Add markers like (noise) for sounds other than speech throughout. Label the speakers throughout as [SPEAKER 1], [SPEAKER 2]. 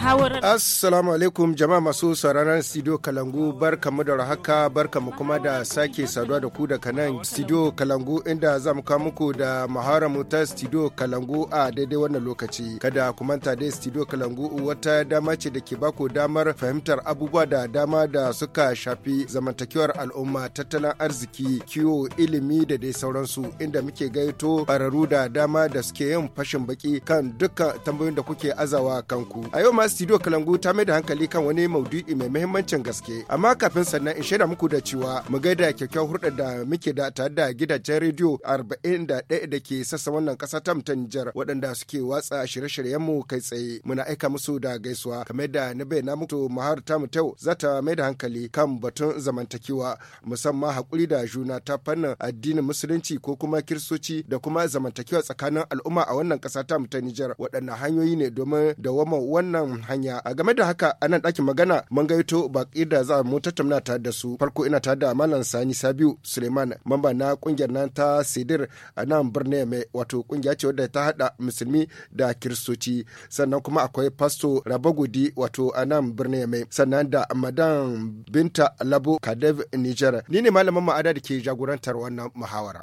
[SPEAKER 1] muhawarar assalamu alaikum jama'a masu sauraron studio kalangu kamu da haka kamu kuma da sake saduwa da ku daga nan studio kalangu inda za mu kawo muku da muhawarar ta studio kalangu a daidai wannan lokaci kada ku manta dai studio kalangu wata dama ce da ke baku damar fahimtar abubuwa da dama da suka shafi zamantakewar al'umma tattalin arziki kiwo ilimi da dai sauransu inda muke gaito ƙwararru da dama da suke yin fashin baki kan dukkan tambayoyin da kuke azawa kanku a yau ma studio kalangu ta mai da hankali kan wani maudu'i mai muhimmancin gaske amma kafin sannan in shaida muku da cewa mu gaida kyakkyawar hurɗar da muke da tare da gidajen rediyo 41 da ke sassa wannan ƙasa ta mutan waɗanda suke watsa shirye-shiryen mu kai tsaye muna aika musu da gaisuwa kamar da na bayyana muku mahar ta mutau za ta mai da hankali kan batun zamantakewa musamman hakuri da juna ta fannin addinin musulunci ko kuma kiristoci da kuma zamantakewa tsakanin al'umma a wannan ƙasa ta mutan Nijar waɗanne hanyoyi ne domin dawama wannan hanya a game da haka a nan ɗakin magana mun gaito baƙi da za mu tattauna ta da su farko ina ta da malam sani sabiu suleiman mamba na ƙungiyar nan ta sidir a nan birnin mai wato ƙungiya ce wadda ta haɗa musulmi da kiristoci sannan kuma akwai pasto rabagudi wato a nan birnin mai sannan da madan binta labo kadev niger ni ne malamin ma'ada da ke jagorantar wannan muhawara.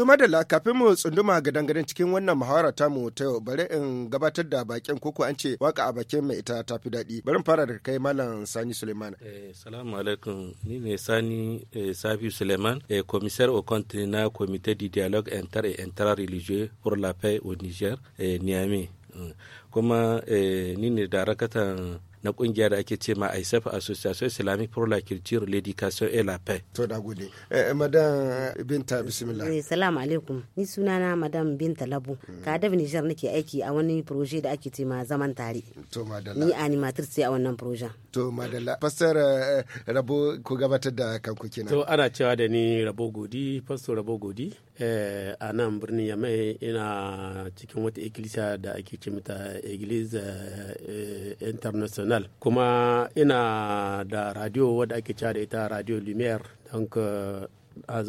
[SPEAKER 1] To madalla kafin mu tsunduma ga dangaren cikin wannan muhawara ta mu ta yau bari in gabatar da bakin koko an ce waka a bakin mai ita tafi daɗi. Bari fara da kai Malam Sani Suleiman. Eh
[SPEAKER 2] salamu alaikum ni ne Sani eh, Safi Suleiman eh, commissaire au compte na comité de dialogue inter et intra-religieux pour la paix au Niger eh, Niamey. Mm. Kuma eh, ni ne darakatan na kungiyar da ake ce ma ISEF Association Islamic Pro la Culture, l'Éducation et la
[SPEAKER 1] Paix. To da gode. Eh, eh, madam Binta bismillah.
[SPEAKER 3] Eh, salamu alaikum. Ni sunana madam Binta Labu. Hmm. Ka da Niger nake aiki a wani proje da ake ce ma zaman tare.
[SPEAKER 1] To madalla. Ni
[SPEAKER 3] animator ce a wannan proje.
[SPEAKER 1] To madalla. Pastor eh, eh, Rabo ku gabatar da kanku kenan. To
[SPEAKER 4] ana cewa da ni Rabo Godi, Pastor Rabo Godi. Eh, a nan birnin yamai ina cikin wata ikkilisiya da ake ce mata iglesia eh, international kuma ina da radio wadda ake cewa da ita radio lumiere don ka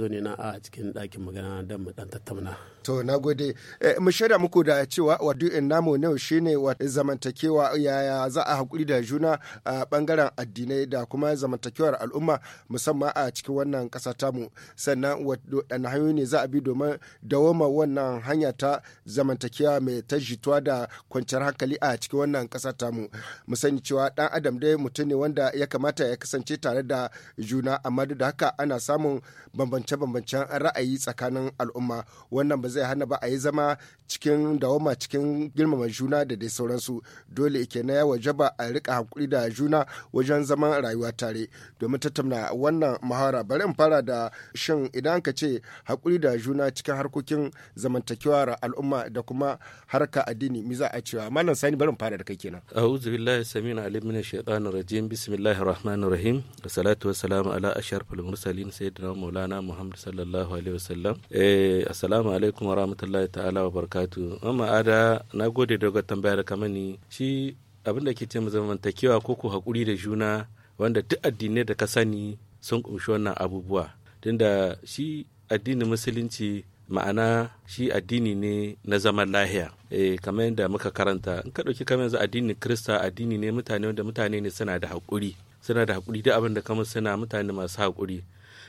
[SPEAKER 4] na a cikin ɗakin magana don mu ɗan tattauna
[SPEAKER 1] To na gode. Eh, mu shaida muku da cewa in namu ne shine zamantakewa yaya za a haƙuri da juna a ɓangaren addinai da kuma zamantakewar al'umma musamman a cikin wannan ƙasa tamu. Sannan wadannan hanyoyi ne za a bi domin dawoma wannan hanya ta zamantakewa mai ta jituwa da kwanciyar hankali a cikin wannan ƙasa tamu. Mu sani cewa ɗan adam dai mutum ne wanda ya kamata ya kasance tare da juna amma duk da haka ana samun bambance-bambancen ra'ayi tsakanin al'umma. Wannan zai hana ba a yi zama cikin dawoma cikin girmama juna da dai sauransu dole ke na ya waje jaba a rika hankuri da juna wajen zaman rayuwa tare domin tattauna wannan muhawara bari in fara da shin idan ka ce hakuri da juna cikin harkokin zamantakewar al'umma da kuma harka addini mi za a cewa malam sani bari in fara da kai kenan
[SPEAKER 2] a'udhu billahi samin alim min ar rajim bismillahir rahmanir rahim salatu wassalamu ala ashrafil mursalin sayyidina maulana muhammad sallallahu alaihi wasallam eh assalamu alaikum alaikum wa rahmatullahi ta'ala wa barkatu amma ada na gode da ga tambayar da kamani shi abin da ke ce zamantakewa ko ko hakuri da juna wanda duk addinai da ka sani sun kunshi wannan abubuwa tunda shi addinin musulunci ma'ana shi addini ne na zaman lahiya eh kamar yadda muka karanta in ka ɗauki kamar yanzu addinin krista addini ne mutane wanda mutane ne suna da hakuri suna da hakuri duk abin da kamar suna mutane masu hakuri.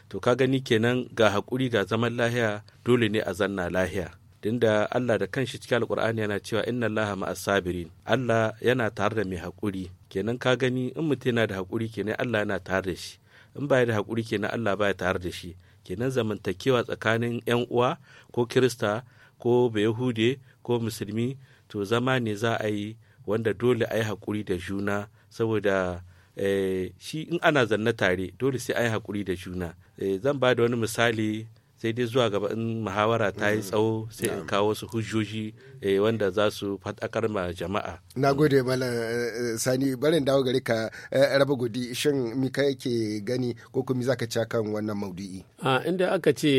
[SPEAKER 2] to ka gani kenan ga haƙuri ga zaman lahiya dole ne a zanna lahiya da Allah da kanshi cikin Alƙur'ani yana cewa inna Allah ma'as sabirin Allah yana tare da mai haƙuri kenan ka gani in mutum yana da haƙuri kenan Allah yana tare da shi in baya da haƙuri kenan Allah baya tare da shi kenan zamantakewa tsakanin 'yan uwa ko kirista ko bayahude ko musulmi to zama ne za a yi wanda dole a yi haƙuri da juna saboda Eh, shi in ana zanne tare dole sai a yi hakuri da juna eh, zan ba da wani misali sai dai zuwa gaba in muhawara ta yi tsawo sai in kawo su hujjoji eh, wanda za su faɗakar ma jama'a
[SPEAKER 1] na gode mala eh, eh, sani barin dawo gari ka eh, raba gudi shin mi ka yake gani ko kuma zaka ci kan wannan maudu'i
[SPEAKER 4] a inda aka ce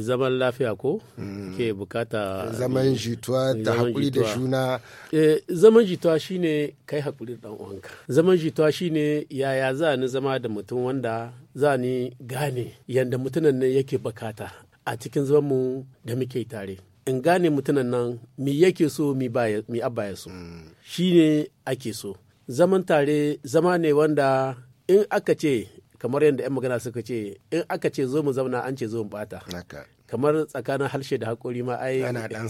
[SPEAKER 4] zaman lafiya ko hmm. ke bukata zaman jituwa da hakuri da juna zaman jituwa shine kai hakuri da uwanka zaman jituwa shine yaya za ni zama da mutum wanda za ni gane yanda mutunan ne yake bukata a cikin zamanmu da muke tare in gane mutunan nan mi yake so mi abba ya so shi ne ake so zaman tare zama ne wanda in aka ce kamar yadda 'yan magana suka ce in aka ce zo mu zauna an ce zo mu bata kamar tsakanin harshe da hakuri ma ai ana dan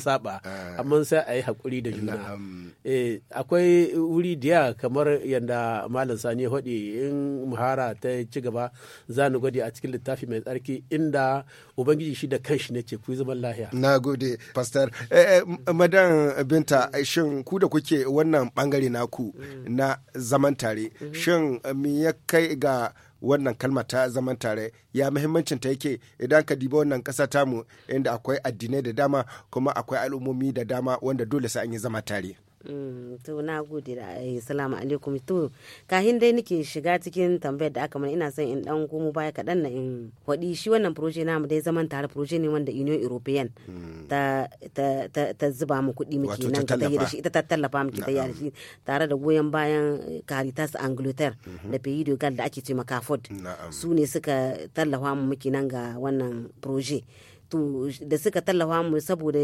[SPEAKER 4] saba ah. amma sai a yi haƙuri da juna eh akwai wuri da kamar yanda malam sani hodi in muhara ta ci gaba za ni a cikin littafi mai tsarki inda ubangiji shi da kanshi ne ce ku yi zaman lahiya
[SPEAKER 1] na gode pastor eh, eh, madan binta shin ku da kuke wannan bangare naku mm. na zaman tare mm-hmm. shin me ya kai ga wannan kalma ta zaman tare ya muhimmancin ta yake idan ka diba wannan ƙasa tamu inda akwai addinai da dama kuma akwai al'ummomi da dama wanda dole sai an yi zama tare.
[SPEAKER 3] Mm, to na gode da salamu alaikum to kahin dai nake shiga cikin tambayar da aka mana ina son in dan gomo baya kaɗan na in waɗi shi wannan proje namu dai zaman tare proje ne wanda union european hmm. ta zuba mu kuɗi muke nan ta da shi ita ta tallafa muke ta da shi tare da goyon bayan caritas angloter mhm. da pays gal da ake ce makafod su ne suka tallafa mu muke nan ga wannan proje wato da suka tallafa mu saboda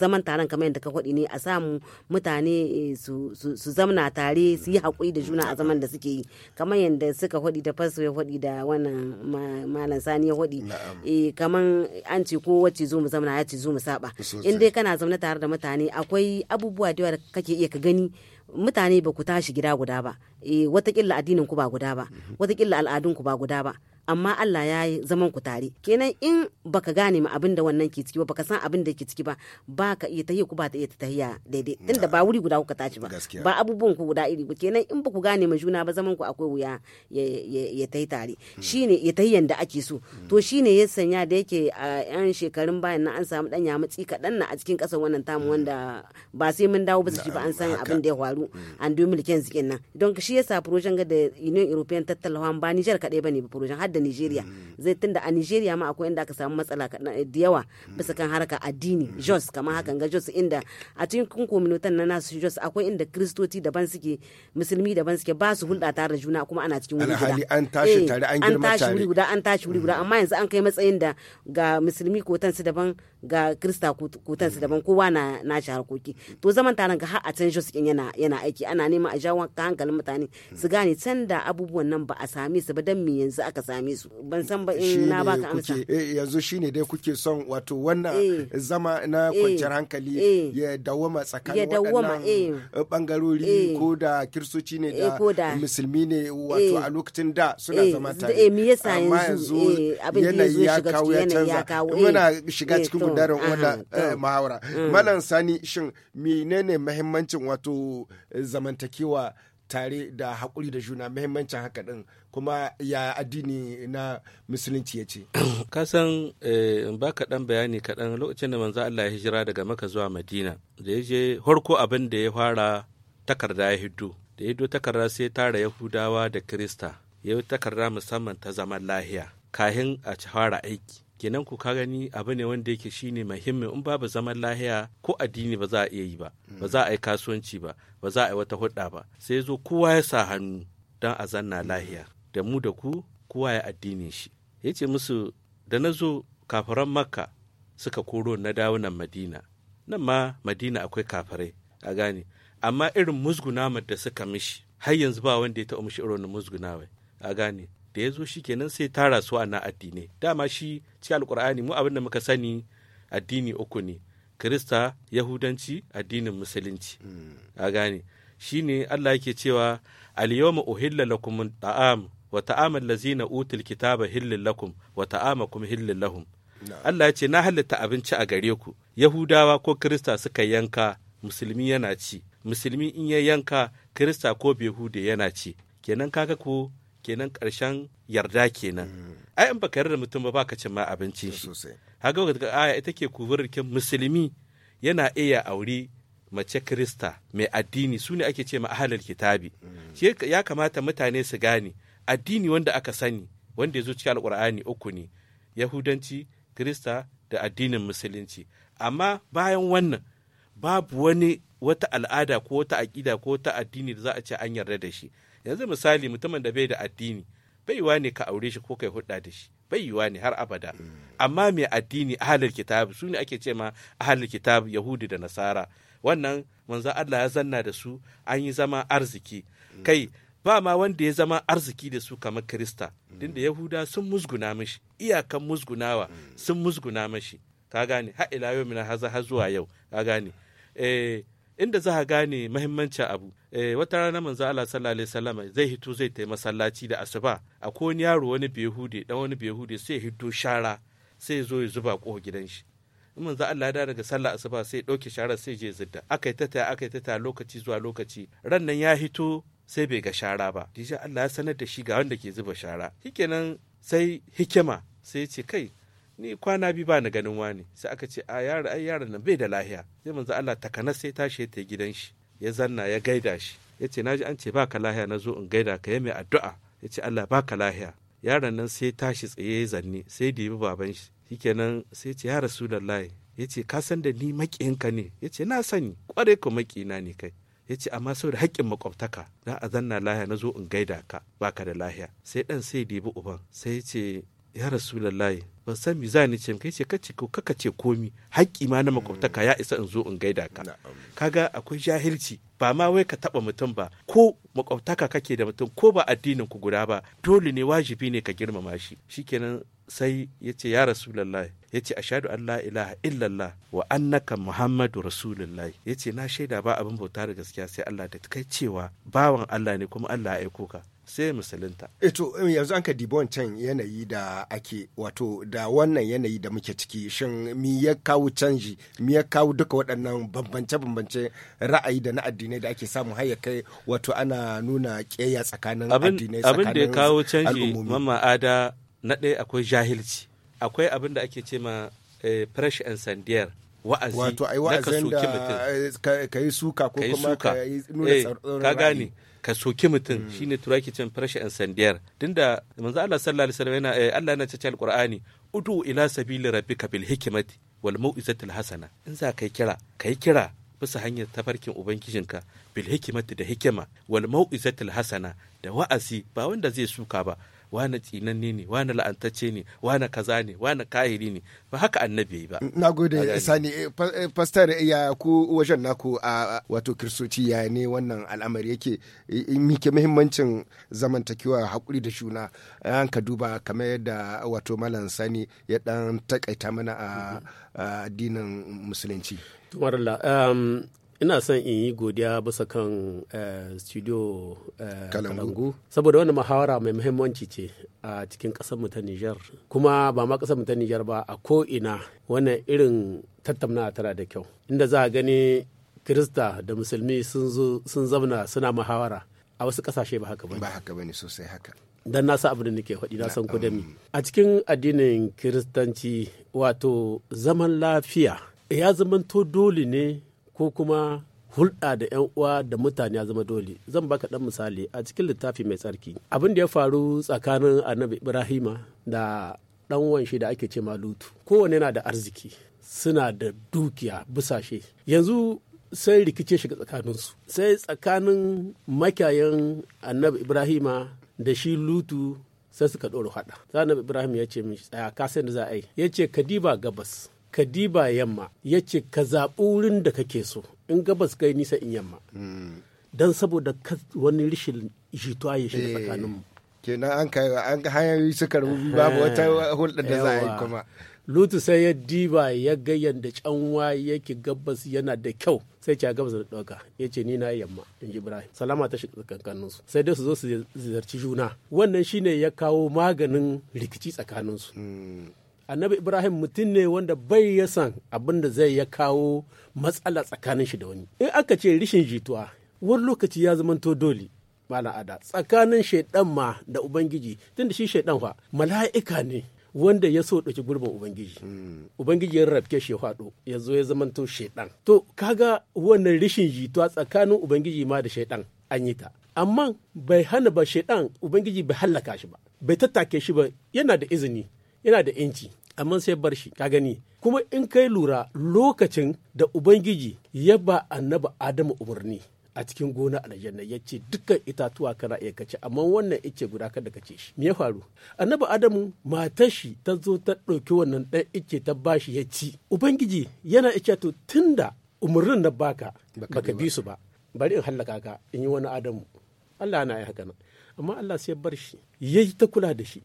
[SPEAKER 3] zaman taron kamar yadda ka faɗi ne a samu mutane eh, su zamna tare su yi haƙuri da juna a zaman da suke yi kamar yadda suka faɗi da fasu ya faɗi da wannan malam sani ya faɗi eh, kamar an ce ko wacce zo mu zamna ya ce zo mu saba in dai kana zaune tare da mutane akwai abubuwa da yawa da kake iya ka gani mutane ba ku tashi gida guda ba eh, watakila addinin ku ba guda ba mhm. watakila al'adun ku ba guda ba amma Allah ya yi zaman ku tare kenan in baka gane ma abin da wannan ke ciki ba baka san abin da ke ciki ba baka iya tahiya ku ba ta iya tahiya daidai tunda ba wuri guda kuka tashi ba ba abubuwan ku guda iri ba kenan in ba ku gane ma juna ba zaman ku akwai wuya ya tahi tare hmm. shine ya tahiyan yanda ake so hmm. to shine ya sanya da yake a yan shekarun bayan na an samu dan matsi kadan na a cikin kasar wannan tamu hmm. wanda ba sai mun dawo ba su ba an san abin da ya faru an domin mulkin zikin nan don shi yasa projen ga da Union European Tattalawa ba Niger kaɗai bane ba projen har da Nigeria mm. zai tunda a Nigeria ma akwai inda aka samu matsala eh, da yawa mm. bisa kan harka addini mm. Jos kamar hakan ga Jos inda a cikin komunitan na nasu Jos akwai inda kristoci daban suke musulmi daban suke ba su hulɗa tare da juna kuma ana cikin wuri guda an tashi eh, tare an girma tare an tashi wuri guda an tashi wuri guda amma yanzu an kai matsayin da ga musulmi ko su daban ga krista ko su daban kowa na na shi harkoki to zaman tare ga har a can Jos yana yana aiki ana neman a jawo hankalin mutane su gane can da abubuwan nan ba a same su ba dan me yanzu aka same same su ban san ba in na baka amsa
[SPEAKER 1] eh, yanzu shine dai kuke son wato wannan eh. zama na eh. kwanciyar hankali ya dawoma tsakanin waɗannan bangarori ko da kirsoci ne da musulmi ne wato a lokacin da suna zama tare me yasa yanzu yanayi ya kawo ya canza muna shiga cikin gudanar wannan muhawara mm. malam sani shin menene mahimmancin wato zamantakewa tare da haƙuri da juna muhimmancin haka din kuma ya addini na musulunci ya ce
[SPEAKER 2] (clears throat) ka san eh, in ba kaɗan bayani kaɗan lokacin da manzo Allah ya hijira daga maka zuwa madina da ya je harko abin da ya fara takarda ya hiddo da ya hiddo takarda sai tara yahudawa da kirista ya yi takarda musamman ta zaman lahiya kahin a fara aiki kenan ku ka gani abu ne wanda yake shine muhimmi in babu zaman lahiya ko addini ba za a iya yi ba ba za a yi kasuwanci ba ba za a yi wata hudda ba sai zo kowa ya sa hannu don a zanna lahiya da mu da ku kowa ya addinin shi ya ce musu da na zo kafaran makka suka koro na dawo nan madina nan ma madina akwai kafarai a gane amma irin musgunamar da suka mishi har yanzu ba wanda ya taɓa mishi irin musgunawa a gane da ya zo shi kenan sai tara su a na addinai dama shi ci alkur'ani mu abin da muka sani addini uku ne kirista yahudanci addinin musulunci hmm. a gane shi ne allah yake cewa alyawma uhilla lakum wa ta'amal lazina utul kitaba hillin lakum wa ta'amakum hillin lahum Allah ya ce na halitta abinci a gare ku Yahudawa ko Kirista suka yanka musulmi yana ci musulmi in ya yanka Kirista ko Behude yana ci kenan kaga ko kenan karshen yarda kenan mm. ai in baka yarda mutum ba baka cin ma abincin shi haka ga aya ita ke kin musulmi yana iya aure mace Kirista mai addini su ne ake ce ma ahalar kitabi mm. ya kamata mutane su gane addini wanda aka sani wanda ya zo cikin alkur'ani uku ne yahudanci krista da addinin musulunci amma bayan wannan babu wani wata al'ada ko wata aƙida ko wata addini da za a ce an yarda da shi yanzu misali mutumin da bai da addini bai yiwa ne ka aure shi ko kai hudda da shi bai yiwa ne har abada mm. amma mai addini halin kitab su ne ake ce ma halin kitab yahudi da nasara wannan manzo Allah ya zanna da su an yi zama arziki mm. kai ba ma wanda ya zama arziki da su kamar Kirista, din da Yahuda sun musguna mashi, iyakan musgunawa sun musguna mashi, ka gane, ha ila yau mina haza har zuwa yau, ka gane. Eh, inda za ka gane mahimmancin abu, eh, wata rana manzo Allah sallallahu alaihi wasallam zai hito zai taimaka masallaci da asuba, akwai wani yaro wani behude, dan wani behude sai hito shara, sai zo ya zuba ko gidan shi. in manzo Allah da daga sallah asuba sai ya ɗauke sharar sai je zidda aka yi ta ta aka yi ta lokaci zuwa lokaci ran nan ya hito sai bai ga shara ba dija Allah ya sanar da shi ga wanda ke zuba shara shikenan sai hikima sai ce kai ni kwana biyu ba na ganin wani sai aka ce a yaro ai yaron nan bai da lahiya sai manzo Allah takana sai tashi ta gidan shi ya zanna ya gaida shi Yace ce naji an ce baka lahiya na zo in gaida ka ya mai addu'a ya ce Allah baka lahiya yaron nan sai tashi tsaye zanne sai dibi baban shi shikenan sai ce ya rasulullahi ya ce ka san da ni ka ne Yace na sani kware ku maƙina ne kai ya ce amma saboda haƙƙin makwabtaka za a zanna lahiya na zo in gaida ka ba ka da lahiya sai ɗan sai dibi uban sai ya ce ya rasu lallai ban san mi za ni ce kai ce kace ko kaka ce komi haƙƙi ma na makwabtaka ya isa in zo in gaida ka kaga akwai jahilci ba ma wai ka taɓa mutum ba ko makwabtaka kake da mutum ko ba addinin ku guda ba dole ne wajibi ne ka girmama shi shikenan sai ya ce ya rasulallah ya ce ashadu an la ilaha illallah wa annaka muhammadu rasulullahi ya ce na shaida ba abin bauta da gaskiya sai Allah da kai cewa bawan Allah ne kuma Allah ya aiko ka sai musulunta.
[SPEAKER 1] Eto eh eh, yanzu an ka dibi wancan yanayi da ake wato da wannan yanayi da muke ciki shin mi ya kawo canji mi ya kawo duka waɗannan bambance-bambance ra'ayi da na addinai da ake samu haya kai wato ana nuna ƙeya tsakanin addinai tsakanin Abin da ya kawo canji
[SPEAKER 2] mama ada na ɗaya akwai jahilci akwai abin da ake ce ma eh, fresh and sandier wa'azi wato ai wa'azin da
[SPEAKER 1] ka yi suka ko kuma ka yi nuna eh, ka gane
[SPEAKER 2] ka soki mutum hmm. shine ke cin fresh and sandiyar tunda manzo Allah sallallahu alaihi wasallam yana eh, Allah yana cikin alqur'ani udu ila sabili rabbika bil hikmati wal mau'izatil hasana in za kai kira kai kira bisa hanyar tafarkin ubangijinka bil hikmati da hikima wal mau'izatil hasana da wa'azi ba wanda zai suka ba wane tsinanne ne wane la'antacce ne wane kaza ne wane kahiri ne ba haka annabi yayi ba gode
[SPEAKER 1] sani eh, eh, pastor ya ku wajen naku a wato kristoci ya ne wannan al'amari yake mike muhimmancin zamantakewa hakuri da shuna an ka duba kamar yadda wato malam sani ya dan takaita mana a addinin musulunci
[SPEAKER 4] um, ina son in yi godiya bisa kan eh, studio eh, kalangu saboda wani muhawara mai muhimmanci ce a cikin mu ta nijar kuma ba ma mu ta nijar ba a ko'ina wannan irin tattauna tara da kyau inda za a gani kirista da musulmi sun zamna suna muhawara a wasu kasashe ba haka ba ba haka bane sosai haka dan na san abin da nake faɗi na san ko da mi a cikin addinin kiristanci wato zaman lafiya ya zamanto dole ne ko kuma hulɗa da 'yan uwa da mutane ya zama dole zan baka ɗan misali a cikin littafi mai tsarki abin da ya faru tsakanin annabi ibrahima da ɗan shi da ake ce ma lutu. kowane yana da arziki suna da dukiya busashe yanzu sai rikice shiga tsakaninsu sai tsakanin makayan annabi ibrahima da shi lutu sai suka ɗora haɗa annabi ibrahim ya ce mishi tsaya ka da za a yi ya ce ka gabas ka diba yamma ya ce ka zaɓi wurin da kake so in gabas kai nisa in yamma hmm. don saboda wani rishin jituwa ya shiga eh, mu. kenan an ka an hanyoyi suka rubi babu wata (laughs) hulɗa da za a yi kuma lutu sai ya diba ya gayyan da canwa yake gabas yana da kyau sai ce gabas da ɗauka ya ce ni na yamma in ibrahim salama ta shiga tsakaninsu. sai dai su zo su ziyarci juna wannan shine ya kawo maganin rikici tsakaninsu hmm. annabi ibrahim mutum ne wanda bai ya san abin da zai ya kawo matsala tsakanin shi da wani in aka ce rishin jituwa wani lokaci ya zamanto dole malam ada tsakanin shaidan ma da ubangiji tunda shi shaidan fa mala'ika ne wanda ya so ɗauki gurbin ubangiji hmm. ubangiji ya rabke shi faɗo ya zo ya zamanto shaidan to kaga wannan rishin jituwa tsakanin ubangiji ma da shaidan an yi ta amma bai hana ba shaidan ubangiji bai hallaka shi ba bai tattake shi ba yana da izini yana da inci amma sai bar shi ka gani kuma in kai lura lokacin da ubangiji ya ba annabi adamu umarni a cikin gona aljanna ya ce dukkan itatuwa kana iya kace amma wannan ice guda kada kace shi me ya faru annabi adamu matar shi ta zo ta ɗauki wannan ɗan ice ta bashi ya ci ubangiji yana ice to tunda umarnin na baka baka bi su ba bari in hallaka ka in yi wani adamu Allah na yi haka nan amma Allah sai bar shi ya ta kula da shi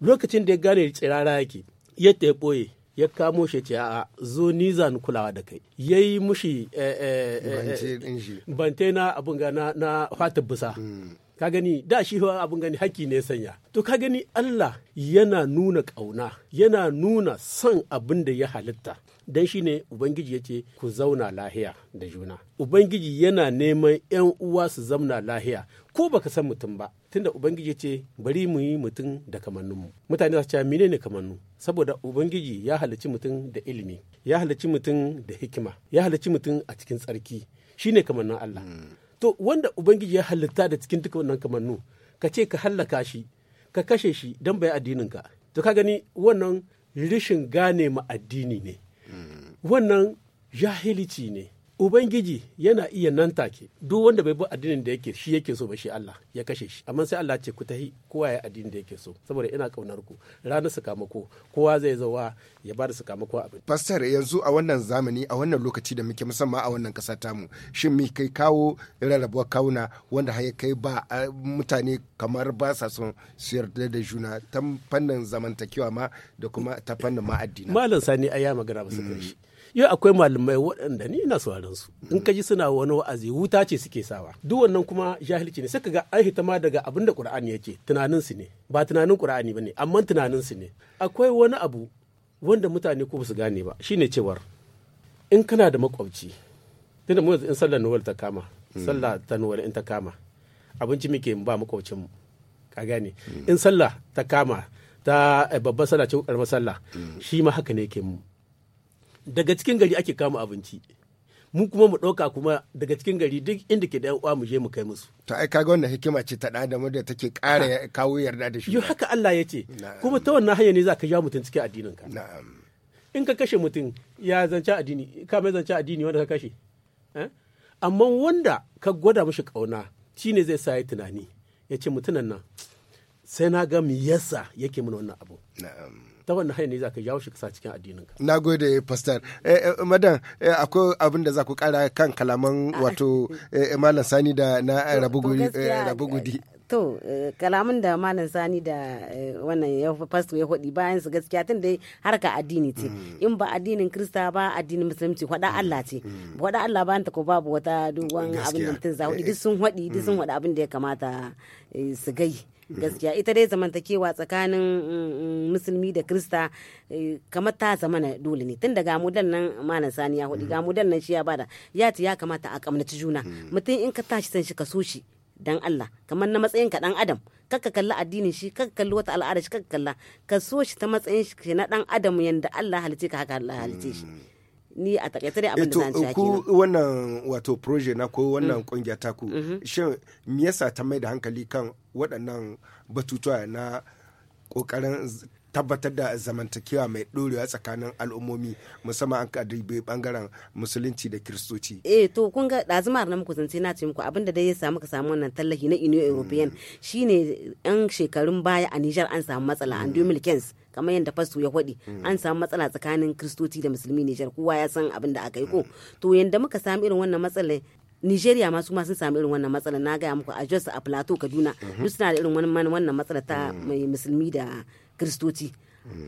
[SPEAKER 4] lokacin da ya gane tsirara yake ya ɓoye ya kamo shi ce a zo ni zan kulawa da kai ya yi mushi eh, eh, eh, bante na abin ga na fatar busa mm. ka gani da shi abin gani haƙƙi ne sanya to ka gani Allah yana nuna ƙauna yana nuna son abin da ya halitta dan shi ne ubangiji ya ce ku zauna lahiya da juna ubangiji yana neman 'yan uwa su zauna lahiya ko baka san mutum ba tunda ubangiji ce bari mu yi mutum da mu. mutane za su ce mine ne kamannu saboda ubangiji ya halicci mutum da ilimi ya halicci mutum da hikima ya halicci mutum a cikin tsarki shine kamannin Allah to wanda ubangiji ya halitta da cikin duka wannan kamannu ka ce ka hallaka shi ka kashe shi dan bai addinin ka to ka gani wannan rishin gane ma addini ne wannan jahilici ne ubangiji yana iya nan take duk wanda bai bi addinin da yake shi yake so ba shi Allah ya kashe shi amma sai Allah ce ku tahi kowa ya addinin da yake so saboda ina kaunar ku ranar sakamako kowa zai zawa ya ba da sakamako abin
[SPEAKER 1] pastor yanzu a wannan zamani a wannan lokaci da muke musamman a wannan kasa mu shin me kai kawo rarrabuwar kawuna wanda har kai ba mutane kamar ba sa son su yarda da juna ta fannin zamantakewa ma da kuma ta fannin ma malam sani ai ya magana ba su kai shi mm. yau akwai malamai
[SPEAKER 4] waɗanda ni ina sauraron su in ka ji suna wani wa'azi wuta ce suke sawa duk wannan kuma jahilci ne sai ga an hita ma daga abin da qur'ani yake tunanin su ne ba tunanin qur'ani ne amma tunanin su ne akwai wani abu wanda mutane ko basu gane ba shine cewar in kana da makwabci tunda mu in sallar nuwal ta kama hmm. sallah ta nuwal in ta kama abinci muke ba makwabcin mu ka gane hmm. in sallah ta kama ta eh, babban sallah ce karamar sallah hmm. shi ma haka ne yake mu daga cikin gari ake kama abinci mu kuma mu ɗauka kuma daga cikin gari duk inda ke da yan uwa mu je mu kai musu to ai kaga wannan hikima ce ta da mu da take ƙara kawo yarda da shi yo haka Allah ya ce kuma ta wannan hanya ne za ka ja mutum cikin addinin ka na'am in ka kashe mutum ya zanci addini ka mai zanci addini wanda ka kashe eh? amma wanda ka gwada mishi kauna shine zai sa ya tunani ya ce mutunan nan sai na ga mi yasa yake mana wannan abu ta wannan hanyar ne za ka jawo shi kasa cikin ka
[SPEAKER 1] Na gode, Pastor. Eh, eh, madam, eh, akwai abin da za ku kara kan kalaman (laughs) wato Malam Sani da na rabu gudi.
[SPEAKER 3] To, kalaman da Malam Sani da wannan ya pastor ya hudi bayan su gaskiya tun dai harka addini ce. Mm. In ba addinin Kirista ba addinin Musulunci hwada mm. Allah ce. Hwada mm. Allah ba ta ko babu wata dogon abin da ta za hudi duk sun hudi duk sun hudi abin da ya kamata su gai. gaskiya ita dai zamantakewa tsakanin mm, mm, musulmi da krista eh, kamar ta zama na dole ne tun da ga mudan nan mana sani ya hudu ga mm-hmm. mudan nan shi ya bada ya ya kamata a kamnaci juna mm-hmm. mutum in ka tashi san shi ka so shi dan Allah kamar na matsayin ka dan adam kakka kalli addinin shi kakka kalli wata al'ada shi kakka kalla ka so shi ta matsayin shi na dan adam yanda Allah halice ka haka Allah halice shi mm-hmm. ni a takaice dai abin da eh, zan ci ku
[SPEAKER 1] wannan wato proje na ko mm. wannan kungiya ta ku mm-hmm. shin me yasa ta mai da hankali kan waɗannan batutuwa na kokarin tabbatar da zamantakewa mai ɗorewa tsakanin al'ummomi musamman an kadibe bangaren musulunci da kiristoci.
[SPEAKER 3] eh to kun ga ɗazumar na muku zance na ce muku abin da dai ya samu ka samu wannan tallafi na union mm. european shine yan shekarun baya a nijar an samu matsala an 2015 kamar yadda fasto ya faɗi an samu matsala tsakanin kristoci da musulmi Nijar kowa ya san abin da aka yi ko to yadda muka samu irin wannan matsalar Nigeria ma su ma sun samu irin wannan matsala na gaya muku a Jos a Plateau Kaduna duk suna da irin wannan matsala ta mai musulmi da kristoci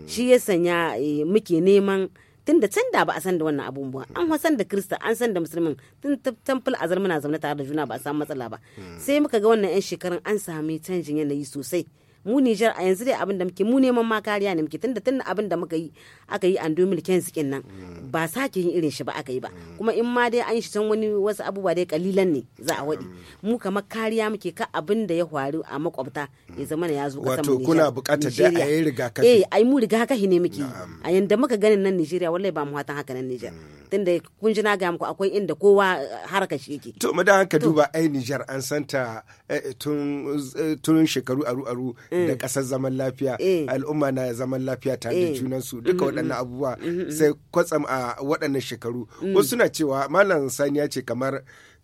[SPEAKER 3] shi ya sanya eh, muke neman tun da can da ba a san da wannan abun ba an san da krista an san da musulmin tun tamfil azar muna zaune tare da juna ba a samu matsala ba sai muka ga wannan yan shekarun an sami canjin yanayi sosai mu Nijar a yanzu dai abin da muke mu neman ma kariya ne muke tunda tun abin da muka yi aka yi ando 2015 kin nan mm. ba sake yin irin shi ba aka yi ba mm. kuma in ma dai an shi can wani wasu abubuwa dai kalilan ne za a waɗi mm. mu kamar kariya muke ka abin da ya faru a makwabta ya zama ya zo kasan wato kuna buƙatar dai a yi rigakafi eh ai mu rigakafi ne muke a yanda muka ganin nan Nijeriya wallahi ba mu hatan haka nan Nijar tunda kun ji na ga muku akwai inda kowa eh, harka shi yake
[SPEAKER 1] to mu da duba ai Nijar an santa eh, eh, tun tun shekaru aru aru da kasar eh. zaman lafiya eh. al'umma na zaman lafiya ta da eh. junansu duka mm-hmm. waɗannan abubuwa mm-hmm. Mm-hmm. sai kwatsam a waɗannan shekaru mm. wasu na cewa malam sani ya ce kamar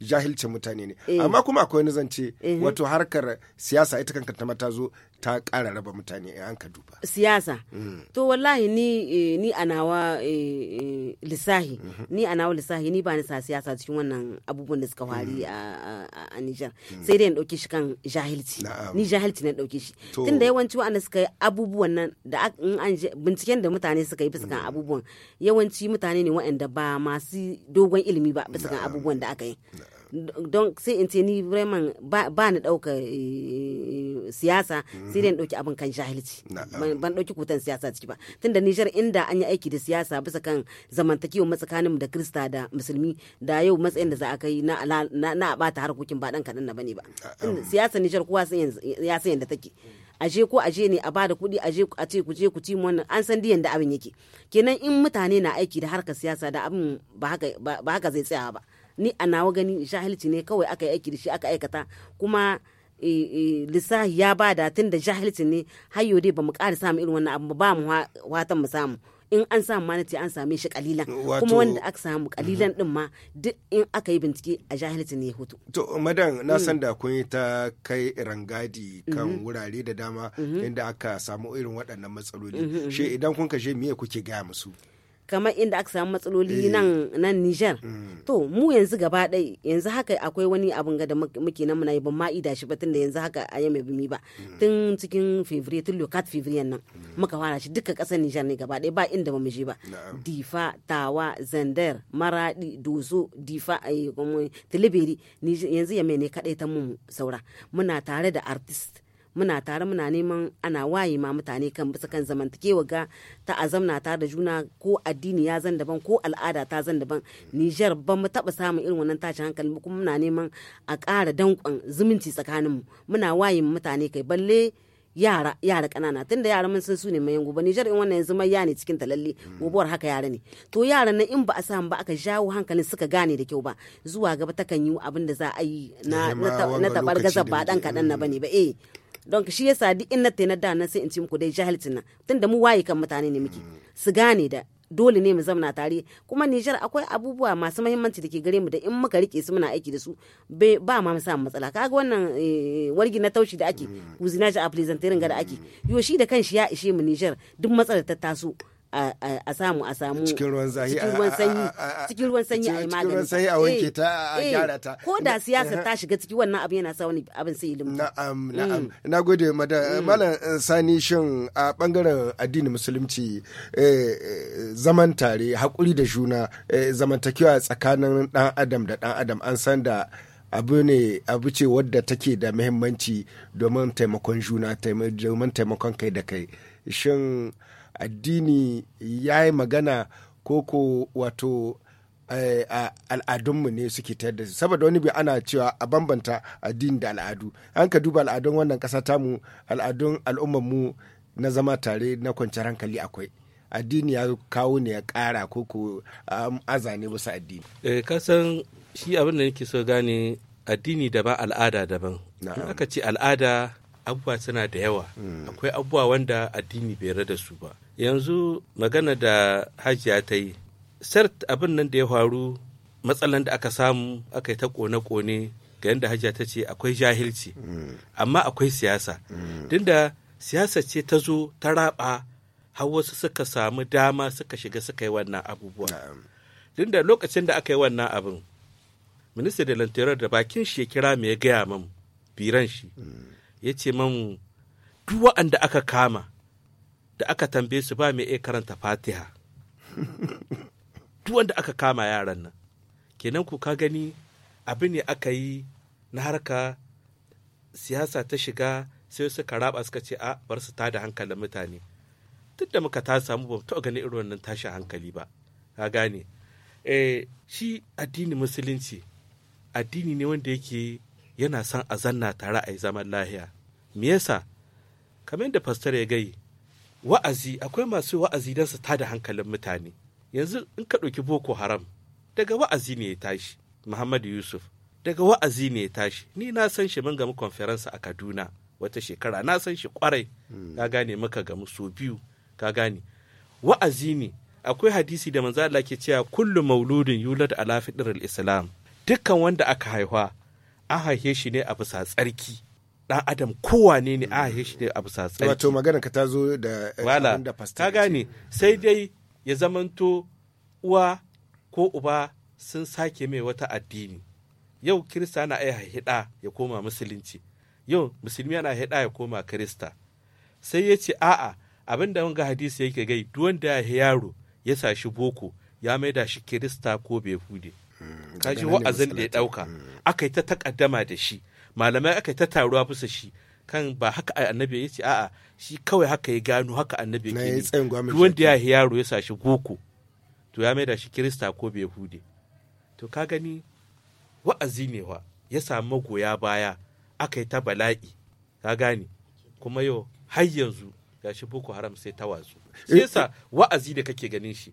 [SPEAKER 1] jahilcin mutane ne amma kuma akwai wani zance wato harkar siyasa ita kankanta mata zo ta ƙara raba mutane an ka duba
[SPEAKER 3] siyasa mm. to wallahi ni ni a nawa lissahi mhm. ni a nawa lissahi ni ba ni sa siyasa cikin wannan abubuwan da suka wari mm. a Nijar mm. sai dai in dauke shi kan jahilci ni jahilci na dauke shi tunda yawanci wanda suka yi abubuwan nan da binciken da mutane suka yi bisa mm. abubuwan yawanci mutane ne wa'anda ba masu dogon ilimi ba bisa abubuwan da aka yi don sai in ce ni vraiment ba ni ɗauka eh, eh, siyasa sai dai ɗauki abin kan jahilci ban ɗauki kutan siyasa ciki ba tunda Nijar inda an yi aiki da siyasa bisa kan zamantakewa matsakanin da Krista da Musulmi da yau matsayin da za a kai na a bata harkokin ba ɗan kaɗan na bane ba siyasa Nijar kowa ya san yadda take aje ko aje ne a bada kuɗi aje a ce ku je ku ci wannan an san diyan da abin yake kenan in mutane na aiki da harkar siyasa da abin ba haka zai tsaya ba ni a nawa gani jahilci ne kawai aka yi aiki da shi aka aikata kuma eh, eh, lissafi ya ba da tun da jahilci ne hayo dai ba mu ƙara samu irin wannan abu ba mu watan mu samu in an samu ma nace an same shi kalilan kuma wanda aka samu kalilan din ma duk in aka yi bincike a jahilci ne hutu
[SPEAKER 1] to madan na mm. san da kun yi ta kai rangadi mhm. kan wurare da dama mhm. inda aka samu irin waɗannan matsaloli mhm, shi idan kun kashe miye kuke gaya musu
[SPEAKER 3] kamar inda aka samu matsaloli eh. nan nan Niger mm. to mu yanzu gaba ɗai yanzu haka akwai wani abun ga da muke nan muna yi ban ma ida shi ba da yanzu haka a yau bimi ba mm. tun cikin fevriye tun lokat fevriye nan mm. muka fara shi duka ƙasar Niger ne gaba ɗai ba inda ba mu je ba Difa Tawa Zander Maradi dozo Difa eh, Tilibiri yanzu yamai ne kaɗai ta mu saura muna tare da artist muna tare muna neman ana waye ma mutane kan bisa kan zamantakewa ga ta na ta da juna ko addini ya zan daban ko al'ada ta zan daban Nijar ban mu taba samun irin wannan tashin hankali kuma muna neman a ƙara danƙon zumunci tsakanin mu muna waye mutane kai balle yara yara kanana tunda yara mun san su ne yango ba Nijar in wannan yanzu ya ne cikin talalle gobuwar haka yara ne to yara na in ba a samu ba aka jawo hankalin suka gane da kyau ba zuwa gaba takan yi abin da za a yi na na tabar gazar ba dan kadan na bane ba eh don shi yasa duk in na na da nan sai in ci muku dai jahilcin tun da mu waye kan mutane ne muke su gane da dole ne mu na tare kuma Nijar akwai abubuwa masu muhimmanci da ke gare mu da in muka rike su muna aiki da su ba ma mu samu matsala kaga wannan eh, wargi na taushi da ake kuzina mm. a plesantirin ga da ake yo shi da kanshi ya ishe mu Nijar duk matsalar ta taso a samu a samu cikin ruwan sanyi cikin ruwan sanyi cikin ruwan sanyi a yi magani cikin ruwan sanyi a wanke eh, ta a eh, gyara ta ko da siyasa eh, ta shiga ciki wannan abin yana sa wani abin sai ilimi na'am mm. na'am
[SPEAKER 1] na gode mm. malam sani shin a bangaren addinin musulunci zaman tare hakuri da juna zamantakewa tsakanin dan adam da dan adam an san da abu ne abu ce wadda take da muhimmanci domin taimakon juna domin taimakon kai da kai shin addini ya yi magana koko wato eh, al'adunmu ne suke tayar saboda wani bi ana cewa a bambanta addini da al'adu an ka duba al'adun wannan ƙasa mu al'adun mu na zama tare na kwanciyar hankali akwai addini ya kawo ne ya ƙara koko aza ne wasu addini
[SPEAKER 2] eh, kasan shi abin da nake so gane addini daban al'ada daban aka ce al'ada abubuwa suna da yawa hmm. akwai abubuwa wanda addini bai rada su ba yanzu magana da hajiya ta yi sart abin nan da ya faru matsalan da aka samu aka yi ta kone-kone ga yadda hajiya ta ce akwai jahilci amma akwai siyasa da siyasa ce ta zo ta raba har wasu suka samu dama suka shiga suka yi wannan abubuwa da lokacin da aka yi wannan abin minista da lantarar da bakin shi ya kira mai ya gaya mamu biran shi mm. ya ce mamu duk wa'anda aka kama da aka tambaye su ba mai iya karanta fatiha duk wanda aka kama yaran nan kenan ku ka gani abin ne aka yi na harka siyasa ta shiga sai suka raba suka ce a bar su tada hankalin mutane duk da muka ta samu ba taɓa gani irin wannan tashin hankali ba ka gane eh shi addini musulunci addini ne wanda yake yana son a zanna tare a yi zaman lahiya me yasa kamar yadda fastar ya gai wa'azi akwai masu wa'azi don su tada hankalin mutane yanzu in ka ɗauki boko haram daga wa'azi ne ya tashi muhammadu yusuf daga wa'azi ne ya tashi ni na san shi mun gamu conference a kaduna wata shekara na san shi kwarai hmm. ka gane muka gamu so biyu ka gane wa'azi ne akwai hadisi da manza Allah ke cewa kullu mauludin yulad ala fitril islam dukkan wanda aka haihuwa an haife shi ne a bisa tsarki dan adam kowa ne ne a shi ne a bisa tsarki wato
[SPEAKER 1] magana ka ta zo da eh, wala
[SPEAKER 2] ka gane sai dai ya zamanto uwa ko uba sun sake mai wata addini yau kirista na iya hida ya koma musulunci yau musulmi yana hida ya koma kirista sai ya ce a'a abin da wanga hadisi yake gai duk wanda ya yaro ya sashi boko ya maida shi kirista ko bai hude hmm, kaji wa'azin da ya ɗauka. Hmm. aka yi ta takaddama da shi malamai aka ta taruwa fusa shi kan ba haka annabi ya ce a'a shi kawai haka ya gano haka annabi ya ke duk wanda ya yaro ya sashi goko to ya maida shi kirista ko bai hude to ka gani wa'azi ne wa ya samu magoya baya aka yi ta bala'i ka gane kuma yau har yanzu gashi boko haram sai ta watsu eh, yasa wa'azi da kake ganin shi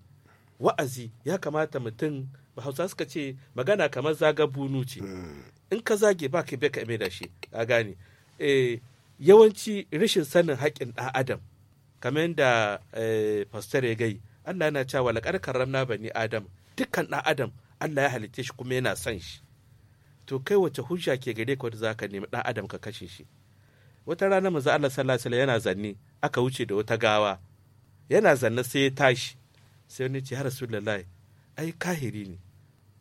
[SPEAKER 2] wa'azi ya kamata mutum hausa suka ce magana kamar zagabunu ce hmm. in ka zage ba ka bai ka mai da shi a gane eh, yawanci rashin sanin haƙƙin ɗan adam kamar yadda eh, pastor ya gai Allah yana cewa laƙar ba bani adam dukkan ɗan adam Allah ya halitta shi kuma yana son shi to kai wace hujja ke gare ka wanda zaka nemi ɗan adam ka kashe shi wata rana manzo Allah sallallahu alaihi yana zanne aka wuce da wata gawa yana zanne sai ya tashi sai wani ce ya rasulullahi ai kahiri ne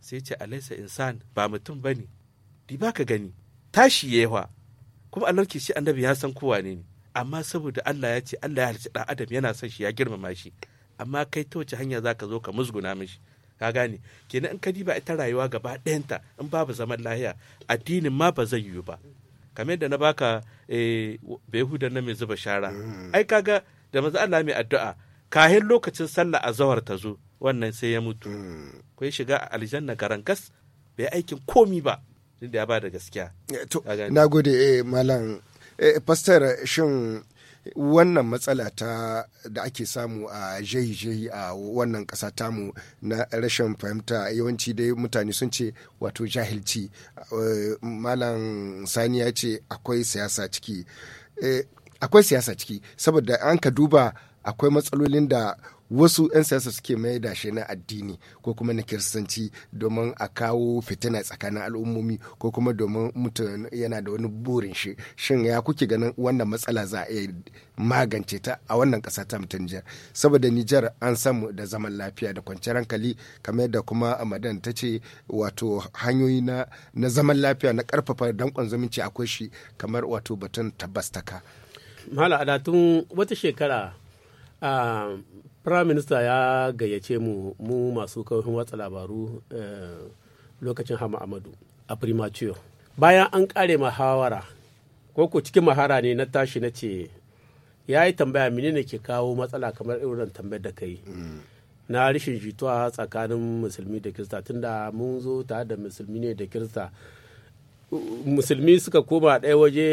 [SPEAKER 2] sai ce alaisa insan ba mutum bane di ba gani tashi yawa kuma ke shi annabi ya san kowa ne amma saboda Allah ya ce Allah ya halci adam yana son shi ya girmama shi amma kai ta wace hanya zaka zo ka musguna mishi ka gane kenan in ka diba ita rayuwa gaba ɗayanta in babu zaman lahiya addinin ma ba zai yiwu ba kamar yadda na baka eh, behudan na mai zuba shara mm. ai kaga da maza Allah mai addu'a kahin lokacin sallah azawar ta zo wannan sai ya mutu mm. ko ya shiga aljanna gas bai aikin komi ba duk da ya ba da gaskiya eh, na gode eh,
[SPEAKER 1] malam eh, pastor shin wannan matsala ta da ake samu a jehi-jehi a wannan ƙasa tamu na rashin fahimta yawanci dai mutane sun ce wato jahilci malam sani ya ce akwai siyasa ciki akwai siyasa ciki saboda an ka duba akwai matsalolin da wasu 'yan siyasa suke mai da shi na addini ko kuma na kiristanci domin a kawo fitina tsakanin al'ummomi ko kuma domin mutum yana da wani burin shi shin ya kuke ganin wannan matsala za a iya magance ta a wannan kasa ta mutum jiyar saboda nijar an samu da zaman lafiya da kwanciyar hankali kamar yadda kuma amadan ta ce wato hanyoyi na, zaman lafiya na karfafa dankon zumunci akwai shi kamar wato batun tabbas taka.
[SPEAKER 4] Mala tun wata shekara Ah, Prime Minister ya gayyace mu mu masu kawai watsa labaru eh, lokacin Hama Amadu a Primature. Bayan an kare mahawara, ko ku cikin mahara ne na tashi na ce ya yi tambaya menene ke kawo matsala kamar irin tambayar da kai. Mm. Na rashin jituwa tsakanin musulmi da kirista tunda mun zo tare da musulmi ne da kirista. musulmi suka koma ɗaya waje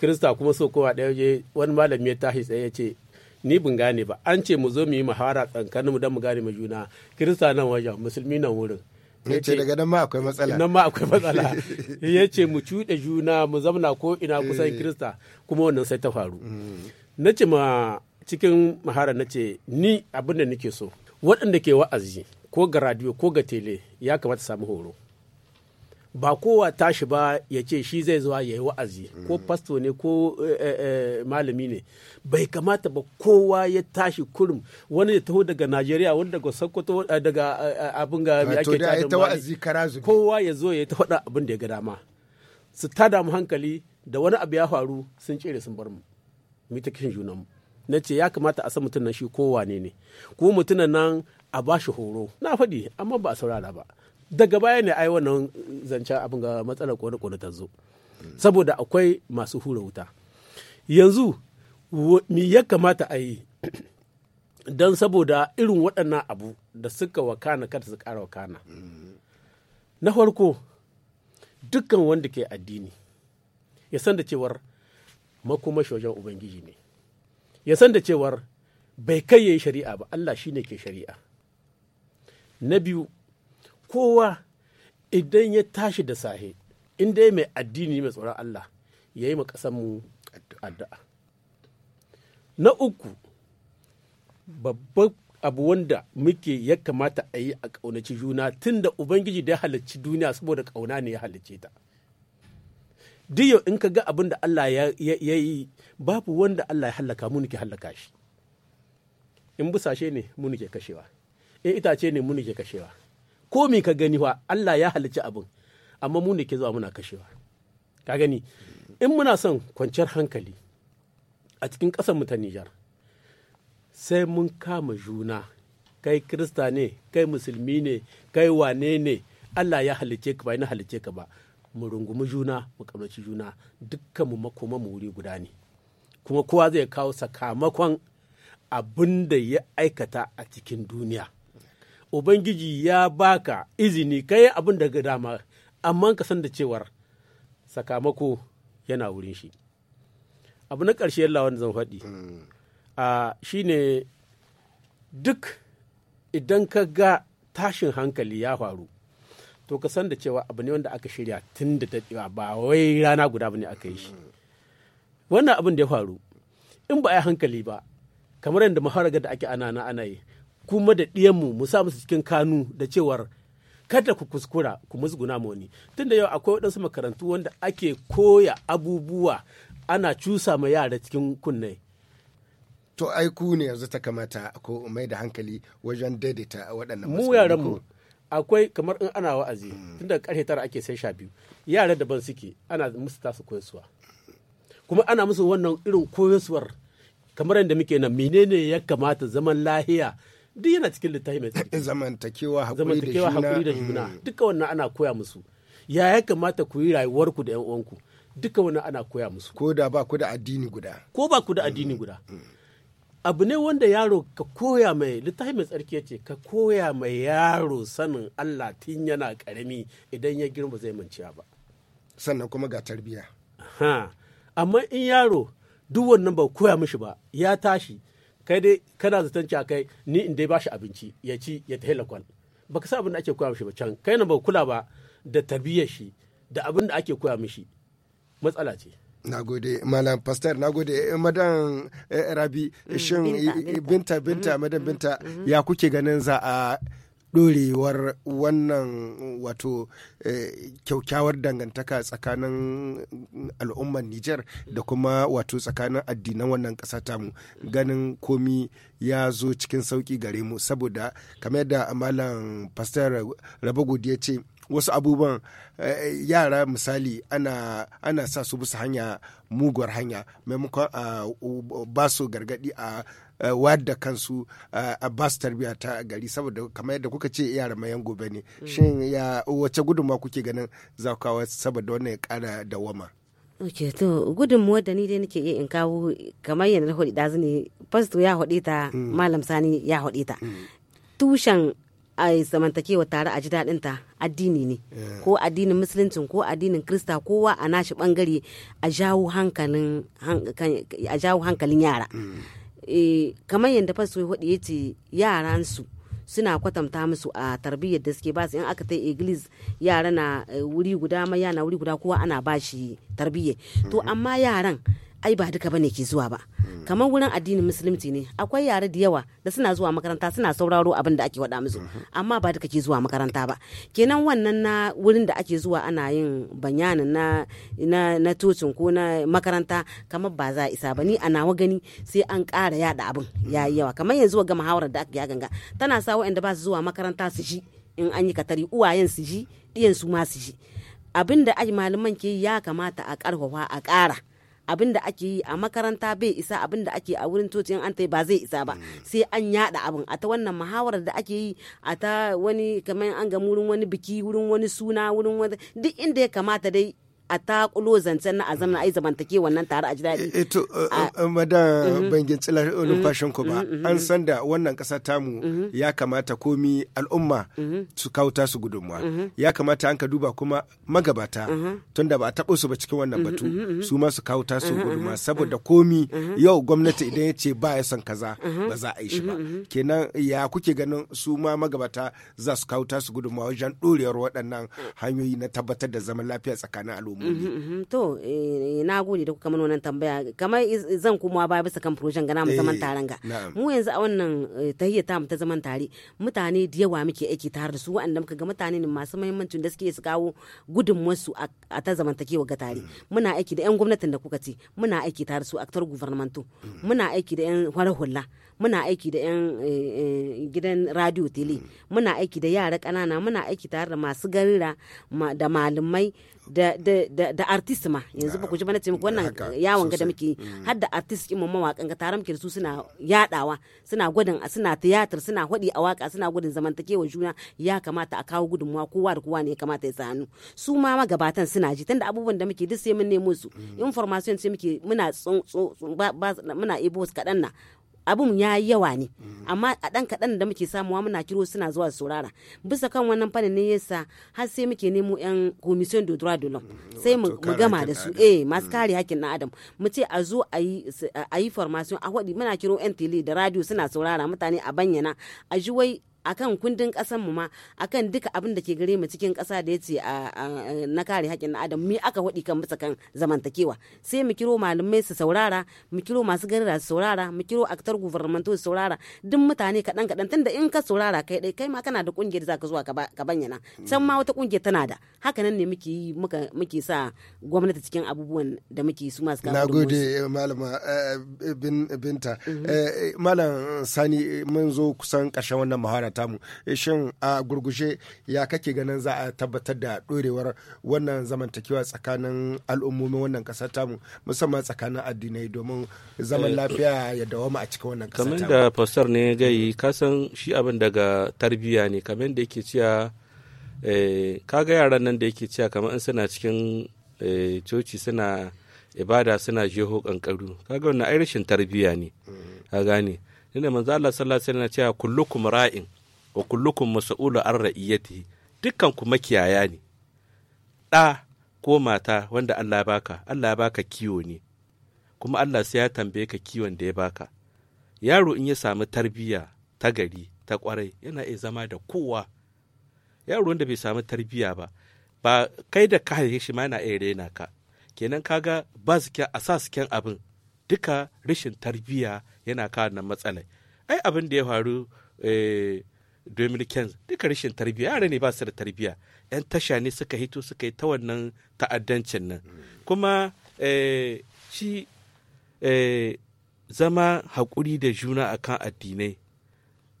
[SPEAKER 4] kirista kuma suka koma ɗaya waje wani malami ya tashi tsaye ya ce ni bin gane ba an ce mu zo mu yi muhawara tsakanin mu don mu gane mu juna kirista nan wajen musulmi nan wurin yace daga
[SPEAKER 1] nan ma akwai matsala nan ma akwai matsala
[SPEAKER 4] (laughs) ya mu cuɗe juna mu zamna ko ina kusan eh. kirista kuma wannan sai ta faru mm. na ce ma cikin mahara na ce ni abin da nake so waɗanda ke wa'azi ko ga radio ko ga tele ya kamata samu horo ba kowa tashi ba ya ce shi zai zuwa ya yi wa'azi ko mm. pasto ne ko eh, eh, eh, malami ne bai kamata ba kowa ya tashi kurum wani ya taho daga najeriya wani daga sokoto daga abin ga ake tada kowa ya zo ya taho da abin da ya ga ma su tada mu hankali da wani abu ya faru sun cire sun bar mu mu ta kishin junanmu na ce ya kamata a san mutum nan shi kowa ne ne ko mutum nan a ba shi horo na faɗi amma ba a saurara ba daga baya ne ai wannan zancen abin ga matsalar kone-kone ta zo saboda akwai masu hura wuta yanzu mi ya kamata a yi (clears throat) don saboda irin waɗannan abu da suka wakana kada su ƙara wakana na farko dukkan wanda ke addini ya san da cewar makomashi wajen ubangiji ne ya san da cewar bai kai ya yi shari'a ba allah shi ne ke shari'a na biyu kowa idan ya tashi da sahe inda ya mai addini mai tsoron Allah ya yi ma mu addu'a na uku babban abu wanda muke ya kamata a yi a ƙaunaci juna tun da ubangiji da ya halarci duniya saboda ƙauna ne ya halicce ta Diyo in ka ga abin da Allah ya yi babu wanda Allah ya hallaka mu ke hallaka shi in busashe ne mu ke kashewa in itace ne mu ke kashewa ko me ka gani wa Allah ya halicci abin amma mu ne ke zuwa muna kashewa ka gani in muna son kwanciyar hankali a cikin ƙasar mu ta Nijar sai mun kama juna kai kirista ne kai musulmi ne kai wane ne Allah ya halicce ka ba na halicce ka ba mu rungumi juna mu kamnaci juna dukkan mu makoma mu wuri guda ne kuma kowa zai kawo sakamakon abin da ya aikata a cikin duniya ubangiji ya baka izini ka yi abin ga dama amma ka san da cewar sakamako yana wurin shi abu na ƙarshe yalla wanda zan faɗi a ne duk idan ka ga tashin hankali ya faru to ka san da cewa abu ne wanda aka shirya tun da daɗewa ba wai rana guda ba ne aka yi shi wannan abin da ya faru in ba a yi hankali ba kamar yadda maharaga da ake ana na ana yi kuma da ɗiyanmu mu sa musu cikin kanu da cewar kada ku kuskura ku musguna mu wani tunda yau akwai waɗansu makarantu wanda ake koya abubuwa
[SPEAKER 1] ana cusa ma yara cikin kunne to ai ku ne yanzu ta kamata ko mai da hankali wajen daidaita waɗannan mu yaran mu akwai kamar in ana
[SPEAKER 4] wa'azi hmm. tunda karfe tara ake sai sha biyu yara ban suke ana musu tasu koyarsuwa kuma ana musu wannan irin koyarsuwar kamar yadda muke nan menene ya kamata zaman lahiya duk yana cikin littafi mai tsarki zamantakewa hakuri da juna mm. duka wannan ana koya musu ya ya kamata ku yi rayuwarku da yan uwanku duka wannan ana koya musu ko da ba ku da addini guda ko ba ku da addini mm. guda mm. abu ne wanda yaro ka koya mai littafi mai tsarki ya ce ka koya mai yaro sanin Allah tun yana karami idan ya girma zai manciya ba sannan kuma ga tarbiyya amma in yaro duk wannan ba koya mishi ba ya tashi kai dai kana zaton cewa kai ni in dai bashi abinci ya ci ya tahi lakwal baka sa abin da ake koya mishi ba can kai na ba kula ba da tarbiyyar shi da abin da ake koya mishi matsala ce
[SPEAKER 1] nagode malam pastor nagode eh, madan eh, rabi mm, shin binta eh, binta mm-hmm, madan mm-hmm, binta mm-hmm. ya kuke ganin za a ɗorewar wannan wato eh, kyaukyawar dangantaka tsakanin al'ummar Nijar da kuma wato tsakanin addinan wannan ƙasa tamu ganin komi ya zo cikin sauƙi gare mu saboda kamar da malam pastor rabago ya ce wasu abubuwan eh, yara misali ana, sa su bisa hanya muguwar hanya maimakon a ba su gargadi a Eh, wayar da kansu eh, a ba tarbiyya ta gari saboda kamar yadda kuka ce yara mayan gobe ne mm. shin ya wace gudunma kuke ganin za ku kawo saboda wannan ya kara dawama
[SPEAKER 3] ok to gudunmuwar da ni dai nake iya in kawo kamar yadda na hudu ɗazu ne fasto ya hudu ta mm. malam sani ya hudu ta mm. tushen a eh, zamantakewa tare a ji daɗin ta addini ne ko addinin musuluncin ko addinin krista kowa a nashi bangare a jawo hankalin yara Eh, kamar yadda fa su ya ce su suna kwatanta musu a tarbiyyar da suke basu in aka ta iglis yara na eh, wuri guda ma yana wuri guda kowa ana shi tarbiyyar to mhm. amma yaran ai ba duka bane ke zuwa ba kamar wurin addinin musulunci ne akwai yare da yawa da suna zuwa makaranta suna sauraro abin da ake wada musu amma ba duka ke zuwa makaranta ba kenan wannan na wurin da ake zuwa ana yin bayanin na na na tocin ko na makaranta kamar ba za isa ba ni a nawa gani sai an ƙara yada abin yayi yawa kamar yanzu ga muhawarar da aka ya ganga tana sa wa'anda ba su zuwa makaranta su ji in an yi katari uwayen su ji ɗiyan su ma su ji abin da ai malaman ke ya kamata a karfafa a kara. abin da ake yi a makaranta bai isa abin da ake a wurin coci in an ta ba zai isa ba sai an yada abin a ta wannan muhawarar da ake yi a ta wani kamar an ga wurin wani biki wurin wani suna wurin wani duk inda ya kamata dai a ta kulo zancen na azam na ai zamantake wannan tare a ji daɗi. Eto
[SPEAKER 1] eh, eh, eh, madan mhm. ban ginci mhm. ku ba mhm, an san da wannan ƙasa tamu ya kamata komi al'umma su kauta su gudunmuwa ya kamata an ka duba kuma magabata tunda ba a taɓo su ba cikin wannan batu su ma su kauta su gudunmuwa saboda komi yau gwamnati idan ya ce ba ya son kaza ba za a yi shi ba kenan ya kuke ganin su ma magabata za su kauta su gudunmuwa wajen ɗorewar waɗannan
[SPEAKER 3] mm. hanyoyi na
[SPEAKER 1] tabbatar da zaman lafiya tsakanin al'umma. Mhm,
[SPEAKER 3] mhm. to eh, na gode da kuka mana wannan tambaya kamar zan kuma ba bisa kan projen gana mu zaman eh, taron ga mu yanzu a wannan eh, tahiyya ta mu ta zaman tare mutane da yawa muke aiki tare da su wa'anda muka ga mutane ne masu muhimmancin da suke su kawo gudunmuwarsu a ta zamantakewa ga tare mm. muna aiki da 'yan gwamnatin da kuka ce muna aiki tare su aktar gubernamento mm. muna aiki da 'yan hula muna aiki da 'yan gidan radio tele mm. muna aiki da yara kanana muna aiki tare da masu garira da malamai da da da artist ma yanzu ba ku ji ba na ce wannan yawon ga da muke mm. har da artist kin mamma wakan ga taron muke su suna yadawa suna a suna tiyatar suna hodi a waka suna take zamantakewa juna ya kamata a kawo gudunmuwa kowa da kowa ne ya kamata ya sa hannu su ma magabatan suna ji tunda abubuwan da muke duk sai mun nemo su mm. information sai muke muna muna ibo kaɗan na abun ya yi yawa ne amma a ɗan kaɗan da muke samuwa muna kiro suna zuwa saurara bisa kan wannan fannin ne yasa har sai muke nemo yan commission de droit de l'homme mm-hmm. sai mu gama da su eh masu kare hakkin na adam mu ce a zo a yi formation a waɗi muna kiro yan tele da radio suna saurara mutane a bayyana a ji wai akan kundin kasan mu ma akan duka abin da ke gare mu cikin kasa da yace na kare haƙƙin adam mi aka wadi kan bisa kan zamantakewa sai mu kiro malamai su saurara mu kiro masu garira su saurara mu kiro aktar gouvernemental su saurara duk mutane kadan kadan tunda in ka saurara kai dai kai ma kana da kungiyar zaka zuwa ka bayyana can ma wata kungiyar tana da haka nan ne muke yi muke sa gwamnati cikin abubuwan da muke su masu kawo nagode
[SPEAKER 1] malama eh, eh, binta mhm. eh, malam sani mun zo kusan kashe wannan muhawara mu eh, shin a gurguje ya kake ganin za a tabbatar da dorewar wannan zamantakewa tsakanin al'ummomin wannan ƙasa tamu musamman tsakanin addinai domin zaman eh, lafiya ya dawama a cikin wannan ƙasa kamar da
[SPEAKER 2] pastor ne ga gai kasan shi abin daga tarbiyya ne kamar da yake cewa eh, kaga yaran nan da yake cewa kamar in suna cikin coci suna ibada suna jeho kankaru kaga wannan ai rashin tarbiyya ne mm. ka gane ina manzo Allah sallallahu alaihi wasallam ya ce kullukum ra'in wa kullukum mas'ulu an ra'iyatihi dukkan ku makiyaya ne ɗa ko mata wanda Allah baka Allah baka kiwo ne kuma Allah sai ya tambaye ka kiwon da ya baka yaro in ya samu tarbiyya ta gari ta kwarai yana iya zama da kowa yaro wanda bai samu tarbiyya ba ba kai da ka haife shi ma yana iya rena ka kenan kaga ba su kyan a sa su kyan abin duka rashin tarbiyya yana kawo nan matsalai ai abin da ya faru eh, Dominicans duka rashin tarbiyya yara ne ba su da tarbiyya yan tasha ne suka hito suka yi ta wannan ta'addancin nan kuma eh, shi eh, zama haƙuri da juna akan addinai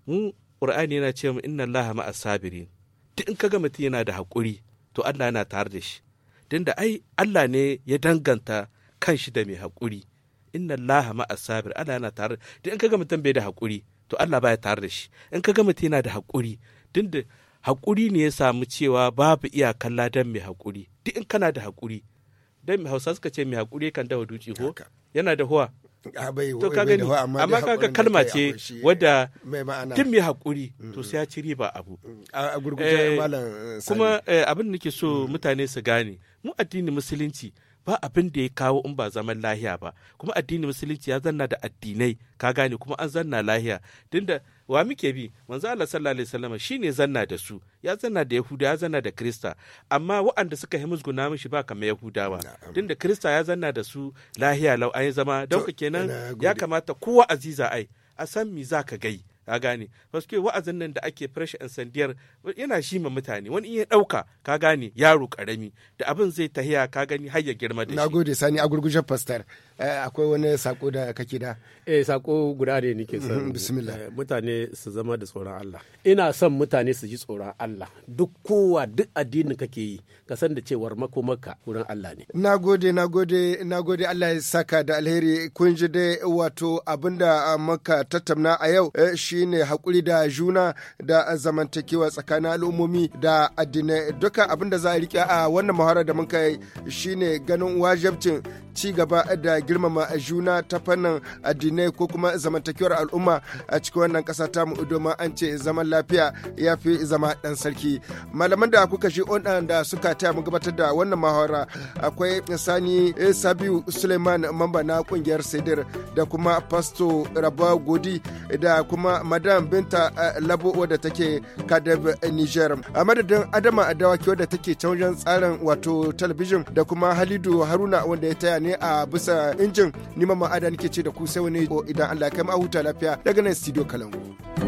[SPEAKER 2] mu ƙur'ani yana ce mu inna Allah ma'a sabirin duk in kaga mutum yana da haƙuri to Allah yana tare da shi da ai Allah ne ya danganta kanshi da mai haƙuri inna Allah ma'a sabir Allah yana tare da in kaga mutum bai da haƙuri to Allah baya tare da shi in ka gama mutum yana da haƙuri tunda haƙuri ne ya samu cewa babu iyakan dan mai haƙuri duk in kana da haƙuri dan mai Hausa suka ce mai haƙuri kan dawa dutse ho yana da huwa ah, to ka gani amma ga kalma ce wadda tun eh, mai haƙuri to mm. sai ya ci riba abu mm. eh, eh, kuma abin da nake so mm. mutane su gane mu addini musulunci ba abin da ya kawo in ba zaman lahiya ba kuma addini musulunci ya zanna da addinai ka gane kuma an zanna lahiya tunda wa muke bi manzo Allah sallallahu alaihi wasallam shine zanna da su ya zanna da yahuda ya zanna da krista amma waɗanda suka yi musguna mishi ba kamar yahudawa tunda krista ya zanna da su lahiya lau an zama dauka kenan ya kamata kowa aziza ai a san mi zaka gai ka gane paske wa'azin nan da ake fresh and sandiyar yana shi ma mutane wani iya dauka ka gane yaro karami da abin zai tahiya ka gani har ya girma da shi nagode
[SPEAKER 1] sani a gurgushin pastor eh, akwai wani sako da kake da eh
[SPEAKER 2] sako guda ne nake son mm-hmm, bismillah eh, mutane
[SPEAKER 4] su zama da tsoron Allah ina son mutane su ji tsoron Allah duk kowa duk addinin kake yi ka san da cewar makomaka wurin Allah ne
[SPEAKER 1] nagode nagode nagode Allah ya saka da alheri kun ji dai wato abinda ah, maka tattauna a yau eh, shi shine hakuri da juna da zamantakewa tsakanin al'ummomi da addinai duka abinda da za a rike a wannan mahara da muka yi shine ganin wajabcin ci gaba da girmama juna ta fannin addinai ko kuma zamantakewar al'umma a cikin wannan ƙasa ta mu domin an ce zaman lafiya ya fi zama dan sarki malaman da kuka shi da suka taya mu gabatar da wannan muhawara akwai sani sabiu suleiman mamba na ƙungiyar sidir da kuma pasto Rabuwa, godi da kuma madam binta eh, labo wadda take kadab eh, niger a madadin adama adawaki wadda take canjan tsarin wato talabijin da kuma halidu haruna wanda ya taya ne a bisa injin nima ma'ada nake ce da ku sai wani idan allah kai ma huta lafiya daga nan studio kalangu.